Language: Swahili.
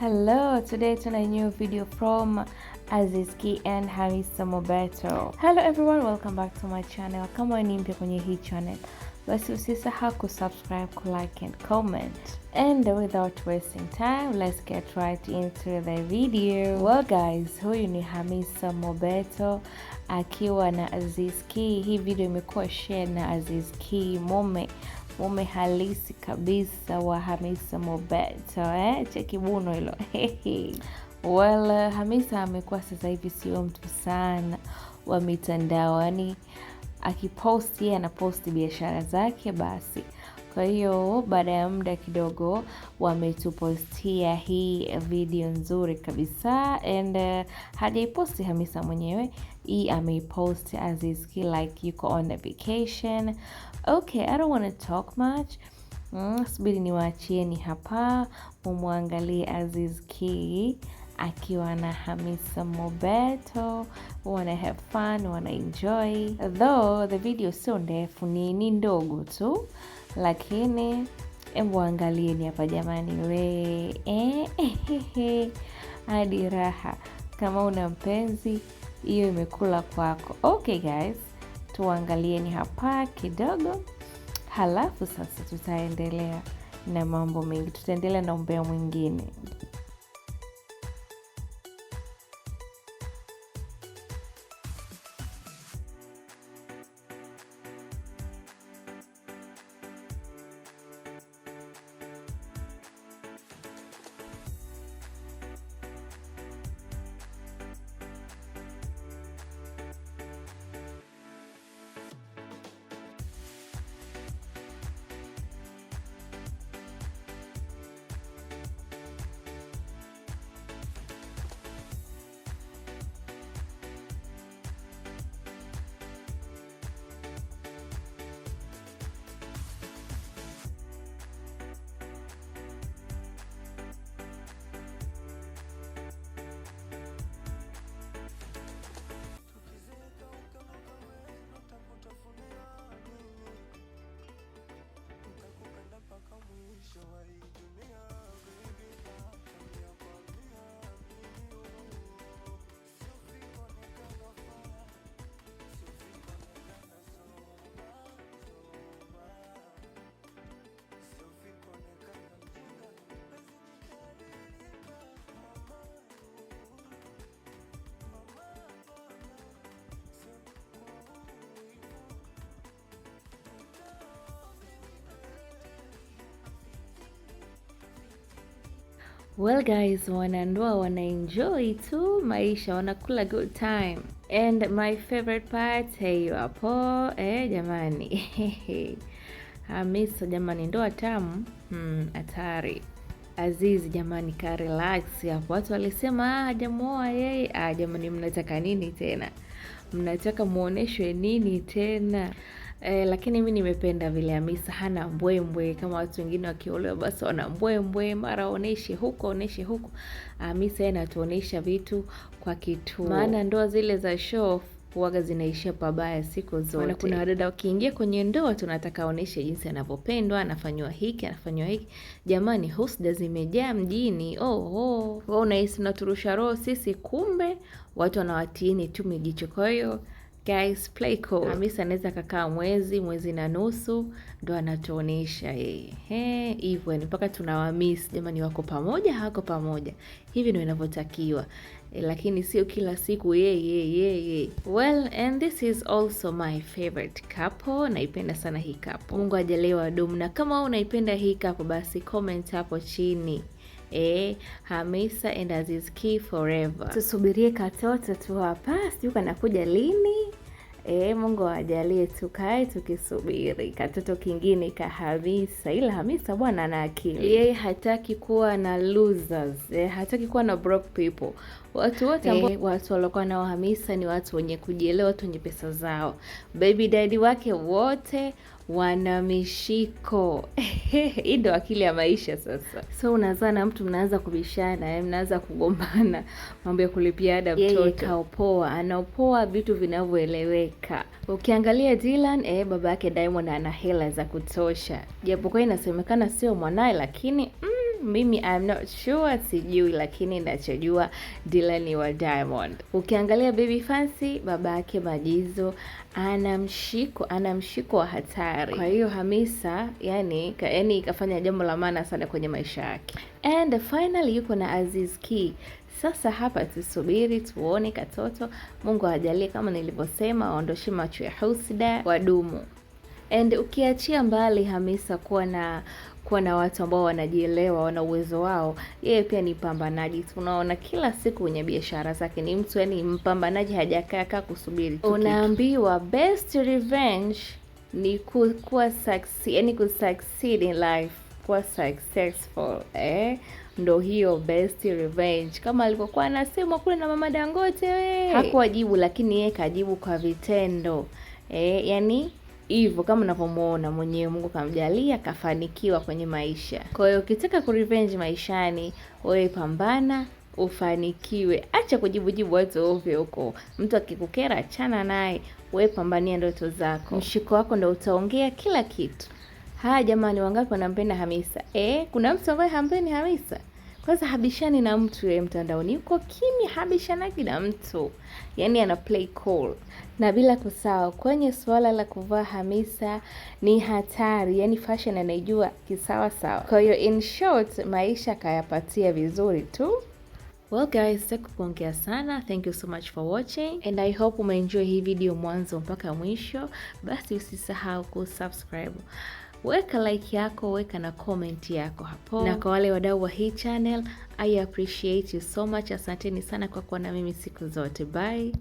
Hello, today to a new video from Azizki and Harisa Mobeto. Hello everyone, welcome back to my channel. Kama ni mpya kwenye hii channel, basi usisahau kusubscribe, like and comment. And without wasting time, let's get right into the video. Well guys, huyu ni Hamisa Mobeto akiwa na Azizki. Hii video imekuwa share na Azizki Mome mume halisi kabisa wa Hamisa Mobeto eh? kibuno hilo well, eh, Hamisa amekuwa sasa hivi sio mtu sana wa mitandao, yaani akiposti yeye anaposti biashara zake basi kwa hiyo baada ya muda kidogo wametupostia hii video nzuri kabisa and uh, hajaiposti Hamisa mwenyewe hii ameipost Azizki like yuko on the vacation. Okay, I don't want to talk much. Mm, subiri niwaachieni hapa mumwangalie Azizki akiwa na Hamisa Mobeto, wana have fun, wana enjoy though the video sio ndefu, ni ni ndogo tu, lakini hebu angalieni hapa jamani, we eh, hadi raha. Kama una mpenzi, hiyo imekula kwako. Okay guys, tuangalieni hapa kidogo, halafu sasa tutaendelea na mambo mengi, tutaendelea na umbea mwingine. Well guys, wanandoa wanaenjoy tu maisha, wanakula good time and my favorite part. Hey, poor. eh, jamani Hamisa jamani, ndoa tamu hmm, hatari. Hmm, Azizi jamani, ka relax hapo. Watu walisema ah, hajamuoa yeye. Ah, jamani, mnataka nini tena? Mnataka muoneshwe nini tena? Eh, lakini mi nimependa vile Hamisa hana mbwembwe kama watu wengine wakiolewa, basi wana mbwembwe, mara oneshe huko oneshe huko. Hamisa ah, yeye anatuonesha vitu kwa kitu, maana ndoa zile za show huaga zinaishia pabaya siku zote. Maana kuna wadada wakiingia kwenye ndoa tunataka aoneshe jinsi anavyopendwa, anafanywa hiki, anafanywa hiki. Jamani, husda zimejaa mjini. Oh, oh, unahisi unaturusha roho sisi, kumbe watu wanawatini tu mijicho. Kwa hiyo Guys, play cool. Hamisa anaweza kakaa mwezi mwezi na nusu ndo anatuonesha yeye hivyo, ni mpaka tunawamis jamani, wako pamoja hawako pamoja, hivi ndo inavyotakiwa e, lakini sio kila siku ye, ye, ye, ye. Well, and this is also my favorite couple. Naipenda sana hii couple. Mungu ajalewa dumu, na kama wewe unaipenda hii couple basi comment hapo chini. E, Hamisa and Aziz Ki forever. Tusubirie katoto tu hapa, sijui kanakuja lini. E, Mungu ajalie tukae tukisubiri katoto kingine ka Hamisa, ila Hamisa bwana ana akili mm. yeye, hataki kuwa na losers e, hataki kuwa na broke people. Watu wote ambao eh. watu waliokuwa nao Hamisa ni watu wenye kujielewa, watu wenye pesa zao, baby daddy wake wote wana mishiko hii ndo akili ya maisha sasa. So unazaa na mtu mnaanza kubishana, yaani mnaanza kugombana mambo ya kulipia ada. Mtoto kaopoa, anaopoa vitu vinavyoeleweka. Ukiangalia Dylan eh, baba yake Diamond ana hela za kutosha, japokuwa inasemekana sio mwanaye, lakini mm, mimi I'm not sure, sijui, lakini nachojua Dila ni wa Diamond. Ukiangalia Baby Fancy, baba yake Majizo ana mshiko, ana mshiko wa hatari. Kwa hiyo Hamisa yani, ka, yani ikafanya jambo la maana sana kwenye maisha yake, and finally yuko na Aziz Ki. Sasa hapa tusubiri tuone katoto. Mungu ajalie, kama nilivyosema, waondoshe macho ya husda, wadumu. And ukiachia mbali Hamisa kuwa na kuwa na watu ambao wanajielewa, wana uwezo wao. Yeye pia ni mpambanaji, tunaona kila siku kwenye biashara zake, ni mtu yani mpambanaji, hajakaa kaa kusubiri. Unaambiwa best revenge ni kuwa yaani succeed, yani kusucceed in life, kuwa successful eh? Ndo hiyo best revenge, kama alivyokuwa anasema kule na mama Dangote. Hakuwa jibu, lakini yeye kajibu kwa vitendo eh, yani hivyo kama unavyomuona mwenyewe, Mungu kamjalia kafanikiwa kwenye maisha. Kwa hiyo ukitaka revenge maishani, wewe pambana ufanikiwe. Acha kujibujibu watu ovyo huko. Mtu akikukera achana naye, wewe pambania ndoto zako. Mshiko wako ndo utaongea kila kitu. Haya jamani, wangapi wanampenda Hamisa? E, kuna mtu ambaye hampendi Hamisa? Kwanza habishani na mtu yeye mtandaoni, yuko kimya, habishanaki na mtu, yani ana play cool. Na bila kusahau kwenye suala la kuvaa, Hamisa ni hatari, yani fashion anaijua kisawa sawa. Kwa hiyo in short, maisha kayapatia vizuri tu. Well guys, sitaki sana. Thank you so much for watching and I hope umeenjoy hii video mwanzo mpaka mwisho. Basi usisahau kusubscribe weka like yako, weka na comment yako hapo. Na kwa wale wadau wa hii channel, I appreciate you so much. Asanteni sana kwa kuwa na mimi siku zote. Bye.